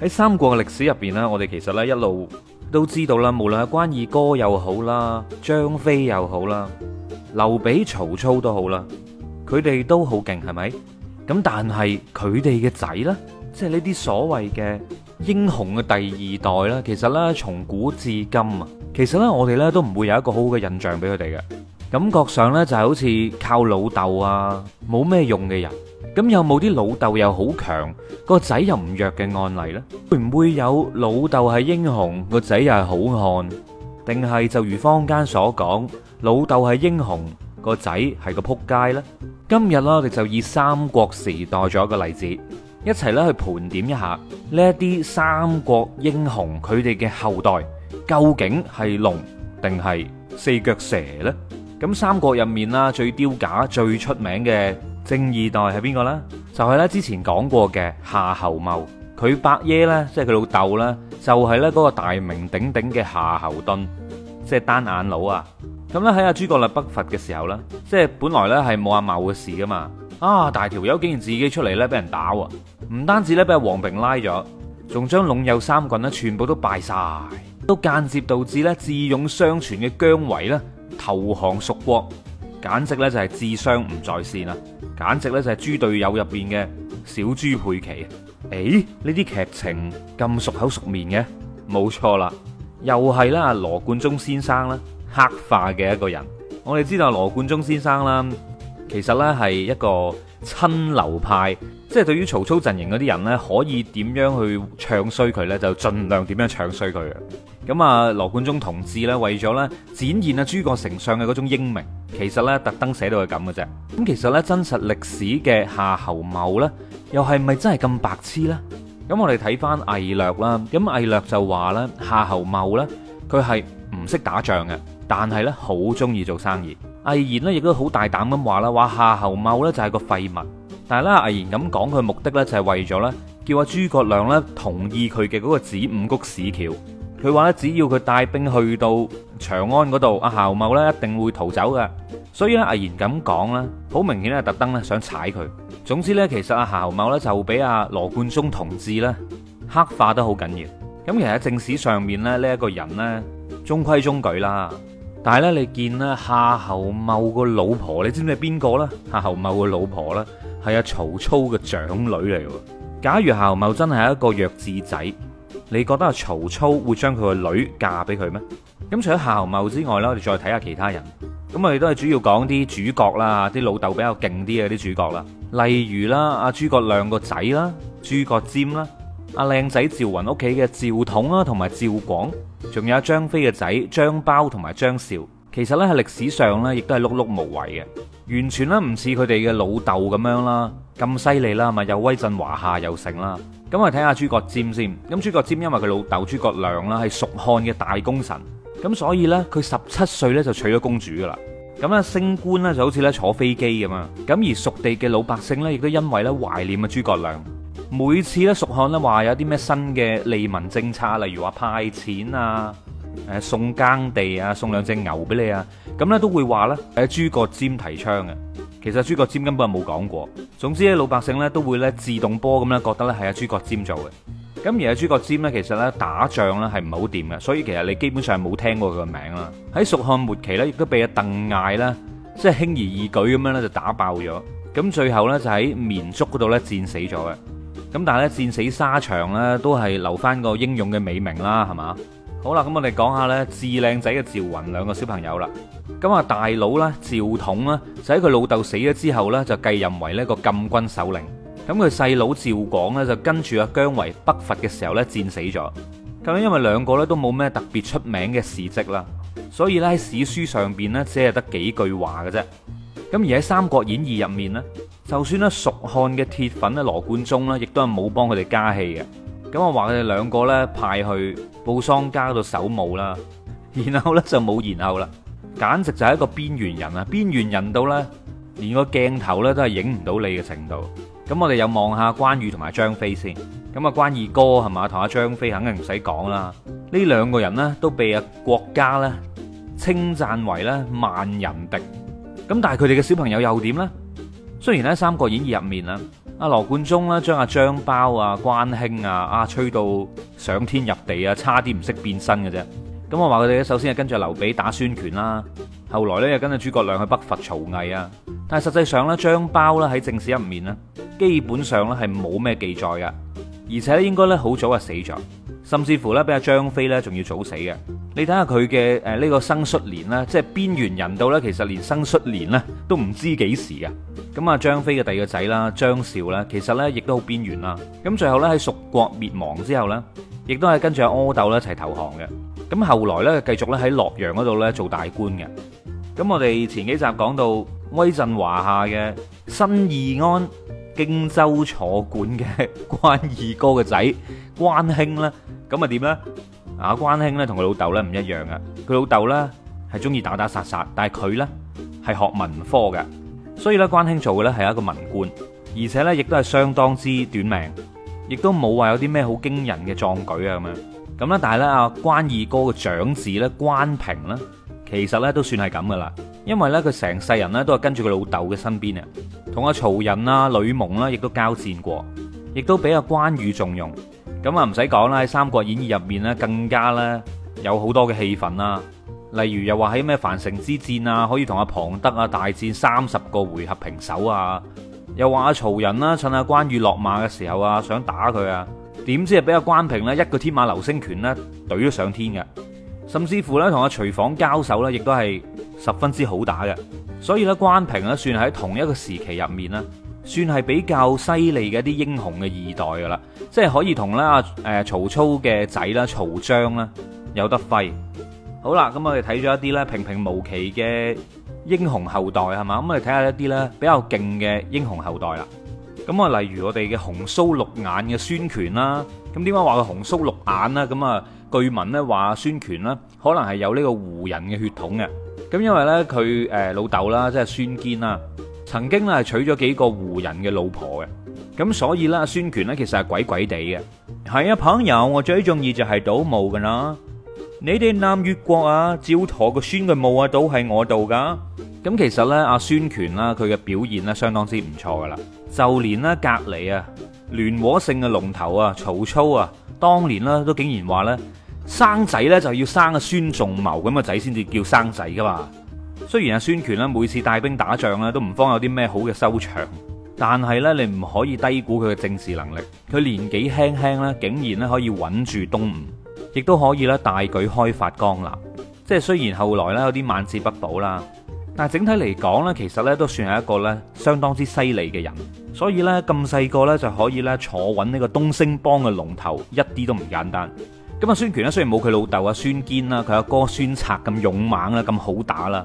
喺三國嘅歷史入邊咧，我哋其實咧一路都知道啦，無論係關二哥又好啦，張飛又好啦，劉備、曹操都好啦，佢哋都好勁，係咪？咁但係佢哋嘅仔咧，即係呢啲所謂嘅英雄嘅第二代啦。其實咧從古至今啊，其實咧我哋咧都唔會有一個好好嘅印象俾佢哋嘅。感覺上咧就好似靠老豆啊，冇咩用嘅人。咁有冇啲老豆又好強，個仔又唔弱嘅案例呢？會唔會有老豆係英雄，個仔又係好漢？定係就如坊間所講，老豆係英雄，個仔係個撲街呢？今日啦，我哋就以三國時代做一個例子，一齊咧去盤點一下呢一啲三國英雄佢哋嘅後代究竟係龍定係四腳蛇呢？咁《三國》入面啦，最丟假、最出名嘅正二代係邊個呢？就係咧之前講過嘅夏侯茂，佢伯爺咧，即係佢老豆咧，就係咧嗰個大名鼎鼎嘅夏侯惇，即係單眼佬啊！咁咧喺阿諸葛亮北伐嘅時候啦，即係本來咧係冇阿茂嘅事噶嘛，啊大條友竟然自己出嚟咧俾人打喎，唔單止咧俾阿黃平拉咗，仲將隴右三郡咧全部都敗晒，都間接導致咧智勇雙全嘅姜維咧。投降蜀國，簡直呢就係智商唔在線啊！簡直呢就係豬隊友入邊嘅小豬佩奇。誒、欸，呢啲劇情咁熟口熟面嘅，冇錯啦，又係啦羅貫中先生啦，黑化嘅一個人。我哋知道啊，羅貫中先生啦，其實呢係一個。親劉派，即係對於曹操陣營嗰啲人呢，可以點樣去唱衰佢呢？就盡量點樣唱衰佢嘅。咁啊，羅貫中同志呢，為咗呢，展現啊諸葛丞相嘅嗰種英明，其實呢，特登寫到佢咁嘅啫。咁其實呢，真實歷史嘅夏侯茂呢，又係咪真係咁白痴呢？咁我哋睇翻魏略啦，咁魏略就話呢，夏侯茂呢，佢係唔識打仗嘅。但係咧，好中意做生意。魏延咧，亦都好大膽咁話啦。話夏侯茂咧就係個廢物，但係咧，魏延咁講佢目的咧就係為咗咧叫阿諸葛亮咧同意佢嘅嗰個子午谷市橋。佢話咧，只要佢帶兵去到長安嗰度，阿夏侯茂咧一定會逃走嘅。所以咧，魏延咁講咧，好明顯咧，特登咧想踩佢。總之咧，其實阿夏侯茂咧就俾阿羅貫中同志咧黑化得好緊要。咁其實喺正史上面咧，呢一個人咧中規中矩啦。但係咧，你見咧夏侯茂個老婆，你知唔知係邊個呢？夏侯茂個老婆呢，係阿曹操嘅長女嚟嘅。假如夏侯茂真係一個弱智仔，你覺得阿曹操會將佢個女嫁俾佢咩？咁除咗夏侯茂之外呢，我哋再睇下其他人。咁我哋都係主要講啲主角啦，啲老豆比較勁啲嘅啲主角啦，例如啦，阿諸葛亮個仔啦，諸葛瞻啦。阿靚仔趙雲屋企嘅趙統啦，同埋趙廣，仲有張飛嘅仔張苞同埋張紹，其實呢係歷史上呢亦都係碌碌無為嘅，完全呢唔似佢哋嘅老豆咁樣啦，咁犀利啦，咪又威震華夏又成啦。咁啊睇下諸葛瞻先，咁諸葛瞻因為佢老豆諸葛亮啦係蜀漢嘅大功臣，咁所以呢，佢十七歲呢就娶咗公主噶啦，咁咧升官呢就好似呢坐飛機咁啊，咁而蜀地嘅老百姓呢，亦都因為呢懷念啊諸葛亮。每次咧，蜀漢咧話有啲咩新嘅利民政策，例如話派錢啊，誒送耕地啊，送兩隻牛俾你啊，咁咧都會話咧係阿諸葛瞻提倡嘅。其實諸葛瞻根本係冇講過。總之咧，老百姓咧都會咧自動波咁咧，覺得咧係阿諸葛瞻做嘅。咁而阿諸葛瞻咧，其實咧打仗咧係唔係好掂嘅，所以其實你基本上冇聽過佢個名啦。喺蜀漢末期咧，亦都俾阿鄧艾咧即係輕而易舉咁樣咧就打爆咗。咁最後咧就喺綿竹嗰度咧戰死咗嘅。咁但係咧，戰死沙場咧，都係留翻個英勇嘅美名啦，係嘛？好啦，咁我哋講下咧，至靚仔嘅趙雲兩個小朋友啦。咁啊，大佬啦，趙統啦，就喺佢老豆死咗之後咧，就繼任為呢個禁軍首領。咁佢細佬趙廣咧，就跟住阿姜維北伐嘅時候咧，戰死咗。咁樣因為兩個咧都冇咩特別出名嘅事跡啦，所以咧喺史書上邊咧，只係得幾句話嘅啫。咁而喺《三國演義》入面咧，就算咧蜀漢嘅鐵粉咧羅貫中咧，亦都係冇幫佢哋加戲嘅。咁我話佢哋兩個咧派去布桑加嗰度守墓啦，然後咧就冇然後啦，簡直就係一個邊緣人啊！邊緣人到咧，連個鏡頭咧都係影唔到你嘅程度。咁我哋又望下關羽同埋張飛先。咁啊，關二哥係嘛？同啊張飛肯定唔使講啦。呢兩個人咧都被啊國家咧稱讚為咧萬人敵。咁但係佢哋嘅小朋友又點呢？雖然咧《三國演義》入面啦，阿羅貫中啦，將阿張苞啊、關興啊、阿吹到上天入地啊，差啲唔識變身嘅啫。咁我話佢哋首先係跟住劉備打孫權啦，後來咧又跟住諸葛亮去北伐曹魏啊。但係實際上咧，張苞咧喺正史入面咧，基本上咧係冇咩記載嘅，而且咧應該咧好早啊死咗，甚至乎咧比阿張飛咧仲要早死嘅。你睇下佢嘅誒呢個生卒年咧，即係邊緣人到咧，其實連生卒年咧都唔知幾時嘅。咁啊，張飛嘅第二個仔啦，張紹咧，其實咧亦都好邊緣啦。咁最後咧喺蜀國滅亡之後咧，亦都係跟住阿阿斗咧一齊投降嘅。咁後來咧繼續咧喺洛陽嗰度咧做大官嘅。咁我哋前幾集講到威震華夏嘅新義安荊州坐館嘅關二哥嘅仔關興咧，咁啊點咧？阿關興咧同佢老豆咧唔一樣啊！佢老豆咧係中意打打殺殺，但係佢咧係學文科嘅，所以咧關興做嘅咧係一個文官，而且咧亦都係相當之短命，亦都冇話有啲咩好驚人嘅壯舉啊咁樣。咁咧，但係咧阿關二哥嘅長子咧關平呢，其實咧都算係咁噶啦，因為咧佢成世人咧都係跟住佢老豆嘅身邊啊，同阿曹仁啊、呂蒙啦，亦都交戰過，亦都俾阿關羽重用。咁啊，唔使講啦，喺《三國演義》入面咧，更加咧有好多嘅戲份啦。例如又話喺咩樊城之戰啊，可以同阿龐德啊大戰三十個回合平手啊。又話阿曹仁啦，趁阿關羽落馬嘅時候啊，想打佢啊，點知係俾阿關平呢一個天馬流星拳呢，懟咗上天嘅。甚至乎呢，同阿徐晃交手呢，亦都係十分之好打嘅。所以咧關平咧算喺同一個時期入面啦。算係比較犀利嘅一啲英雄嘅二代噶啦，即係可以同啦，誒曹操嘅仔啦曹彰啦，有得揮。好啦，咁、嗯、我哋睇咗一啲咧平平無奇嘅英雄後代係嘛？咁、嗯、我哋睇下一啲咧比較勁嘅英雄後代啦。咁、嗯、啊，例如我哋嘅紅鬚綠眼嘅孫權啦，咁點解話佢紅鬚綠眼咧？咁啊，據聞咧話孫權咧可能係有呢個胡人嘅血統嘅。咁因為咧佢誒老豆啦，即係孫堅啦。曾經啦，娶咗幾個胡人嘅老婆嘅，咁所以啦，孫權呢其實係鬼鬼地嘅。係啊，朋友，我最中意就係賭墓噶啦。你哋南越國啊，趙佗個孫嘅墓啊，都係我度噶。咁、嗯、其實呢，阿孫權啦，佢嘅表現呢相當之唔錯噶啦。就連呢隔籬啊，聯和勝嘅龍頭啊，曹操啊，當年呢、啊、都竟然話呢：「生仔呢，就要生個孫仲謀咁個仔先至叫生仔噶嘛。雖然阿孫權咧每次帶兵打仗咧都唔方有啲咩好嘅收場，但係咧你唔可以低估佢嘅政治能力。佢年紀輕輕咧，竟然咧可以穩住東吳，亦都可以咧大舉開發江南。即係雖然後來咧有啲晚節不保啦，但係整體嚟講咧，其實咧都算係一個咧相當之犀利嘅人。所以咧咁細個咧就可以咧坐穩呢個東星幫嘅龍頭，一啲都唔簡單。咁阿孫權咧雖然冇佢老豆阿孫堅啦，佢阿哥孫策咁勇猛啦，咁好打啦。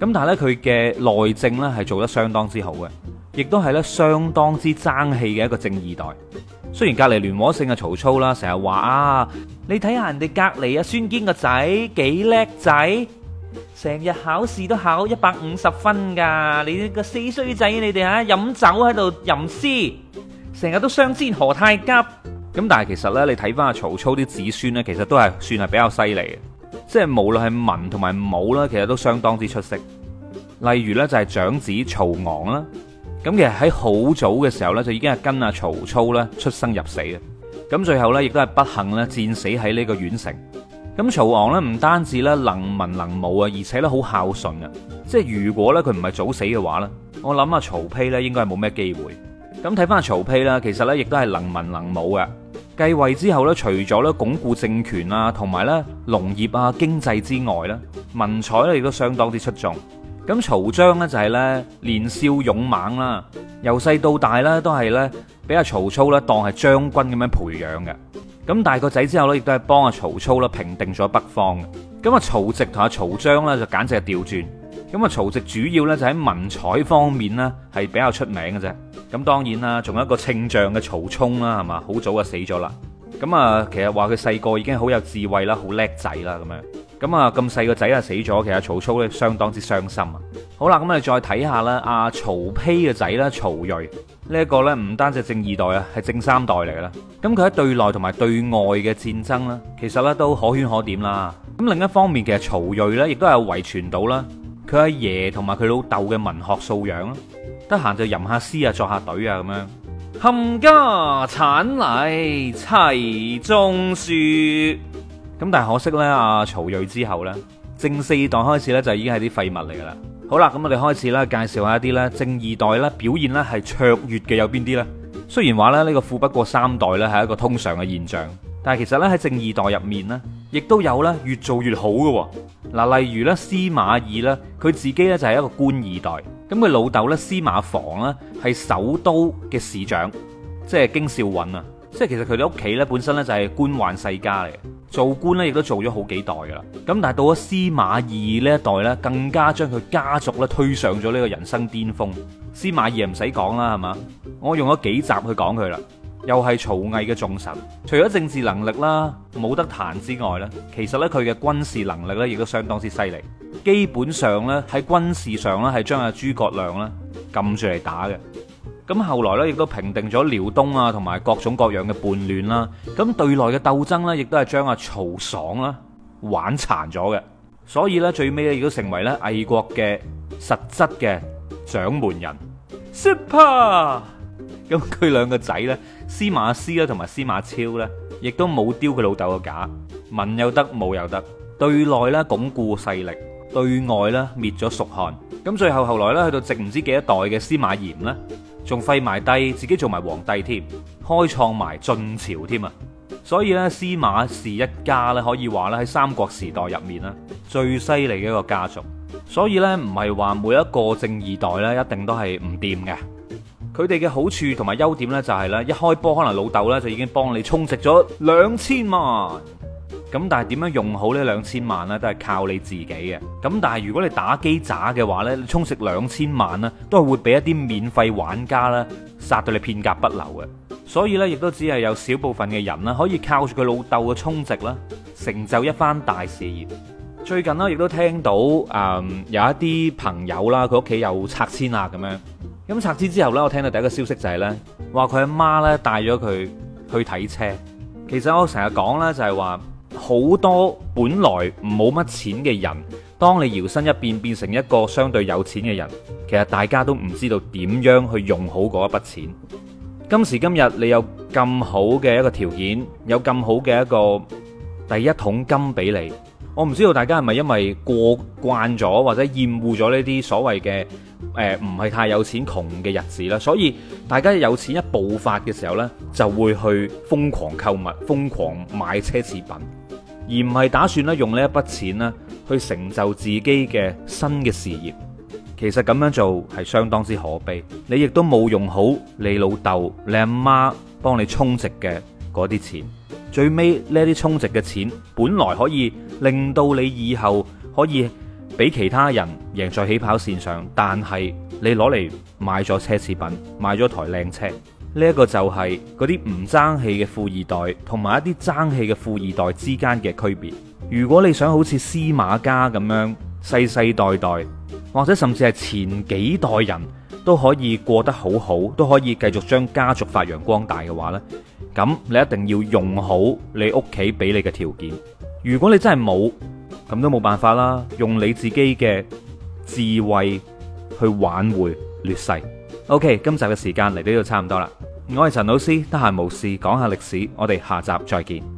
咁但係咧佢嘅內政咧係做得相當之好嘅，亦都係咧相當之爭氣嘅一個正二代。雖然隔籬聯和姓嘅曹操啦，成日話啊，你睇下人哋隔籬啊孫堅個仔幾叻仔，成日考試都考一百五十分噶。你個死衰仔你哋吓飲酒喺度吟詩，成日都相煎何太急。咁但係其實呢，你睇翻阿曹操啲子孫呢，其實都係算係比較犀利嘅。即係無論係文同埋武啦，其實都相當之出色。例如呢，就係長子曹昂啦，咁其實喺好早嘅時候呢，就已經係跟阿曹操呢出生入死嘅，咁最後呢，亦都係不幸呢戰死喺呢個宛城。咁曹昂呢，唔單止呢能文能武啊，而且呢好孝順啊。即係如果呢，佢唔係早死嘅話呢，我諗阿曹丕呢應該係冇咩機會。咁睇翻阿曹丕呢，其實呢亦都係能文能武嘅。繼位之後咧，除咗咧鞏固政權啊，同埋咧農業啊、經濟之外咧，文采咧亦都相當之出眾。咁曹彰呢，就係咧年少勇猛啦、啊，由細到大咧都係咧俾阿曹操咧當係將軍咁樣培養嘅。咁大個仔之後咧，亦都係幫阿曹操咧平定咗北方。咁阿曹植同阿曹彰咧就簡直係調轉。咁啊，曹植主要咧就喺、是、文采方面咧係比較出名嘅啫。咁當然啦，仲有一個稱象嘅曹沖啦，係嘛好早就死咗啦。咁啊，其實話佢細個已經好有智慧啦，好叻仔啦咁樣。咁啊，咁細個仔啊死咗，其實曹操咧相當之傷心啊。好啦，咁你再睇下啦，阿、啊、曹丕嘅仔啦，曹睿呢一、這個咧唔單止正二代啊，係正三代嚟嘅啦。咁佢喺對內同埋對外嘅戰爭啦，其實咧都可圈可點啦。咁另一方面，其實曹睿咧亦都有遺傳到啦。佢阿爺同埋佢老豆嘅文學素養咯，得閒就吟下詩啊，作下對啊咁樣。冚家產嚟齊中樹，咁但係可惜呢，阿、啊、曹睿之後呢，正四代開始呢，就已經係啲廢物嚟噶啦。好啦，咁我哋開始啦，介紹下一啲呢正二代呢表現呢係卓越嘅有邊啲呢？雖然話咧呢個富不過三代呢係一個通常嘅現象，但係其實呢，喺正二代入面呢。亦都有咧，越做越好嘅。嗱，例如咧，司馬懿咧，佢自己咧就係一個官二代。咁佢老豆咧，司馬防咧係首都嘅市長，即係京兆尹啊。即係其實佢哋屋企咧本身咧就係官宦世家嚟，做官咧亦都做咗好幾代噶啦。咁但係到咗司馬懿呢一代咧，更加將佢家族咧推上咗呢個人生巔峰。司馬懿唔使講啦，係嘛，我用咗幾集去講佢啦。又係曹魏嘅眾臣，除咗政治能力啦，冇得彈之外呢，其實呢，佢嘅軍事能力呢亦都相當之犀利，基本上呢，喺軍事上呢，係將阿諸葛亮呢撳住嚟打嘅。咁後來呢，亦都平定咗遼東啊，同埋各種各樣嘅叛亂啦。咁對內嘅鬥爭呢，亦都係將阿曹爽啦玩殘咗嘅。所以呢，最尾呢，亦都成為呢魏國嘅實質嘅掌門人。Super。咁佢兩個仔呢，司馬師啦，同埋司馬昭呢，亦都冇丟佢老豆嘅架，文又得，武又得，對內呢鞏固勢力，對外呢滅咗蜀漢，咁最後後來呢，去到直唔知幾多代嘅司馬炎呢，仲廢埋帝自己做埋皇帝添，開創埋晉朝添啊！所以呢，司馬氏一家呢，可以話咧喺三國時代入面呢，最犀利嘅一個家族。所以呢，唔係話每一個正二代呢，一定都係唔掂嘅。佢哋嘅好處同埋優點呢，就係，就係咧一開波可能老豆呢就已經幫你充值咗兩千萬，咁但係點樣用好呢？兩千萬呢都係靠你自己嘅。咁但係如果你打機渣嘅話呢，你充值兩千萬呢都係會俾一啲免費玩家咧殺到你片甲不留嘅。所以呢，亦都只係有少部分嘅人呢可以靠住佢老豆嘅充值啦，成就一番大事業。最近呢，亦都聽到誒、嗯、有一啲朋友啦，佢屋企有拆遷啊咁樣。咁拆之之後呢，我聽到第一個消息就係呢，話佢阿媽呢帶咗佢去睇車。其實我成日講呢，就係話好多本來冇乜錢嘅人，當你搖身一變變成一個相對有錢嘅人，其實大家都唔知道點樣去用好嗰一筆錢。今時今日你有咁好嘅一個條件，有咁好嘅一個第一桶金俾你。我唔知道大家係咪因為過慣咗或者厭惡咗呢啲所謂嘅誒唔係太有錢窮嘅日子啦，所以大家有錢一爆發嘅時候呢，就會去瘋狂購物、瘋狂買奢侈品，而唔係打算咧用呢一筆錢咧去成就自己嘅新嘅事業。其實咁樣做係相當之可悲，你亦都冇用好你老豆、你阿媽幫你充值嘅嗰啲錢。最尾呢啲充值嘅錢，本來可以令到你以後可以俾其他人贏在起跑線上，但係你攞嚟買咗奢侈品，買咗台靚車，呢一個就係嗰啲唔爭氣嘅富二代同埋一啲爭氣嘅富二代之間嘅區別。如果你想好似司馬家咁樣世世代代，或者甚至係前幾代人，都可以過得好好，都可以繼續將家族發揚光大嘅話呢，咁你一定要用好你屋企俾你嘅條件。如果你真係冇，咁都冇辦法啦，用你自己嘅智慧去挽回劣勢。OK，今集嘅時間嚟到呢度差唔多啦。我係陳老師，得閒無事講下歷史，我哋下集再見。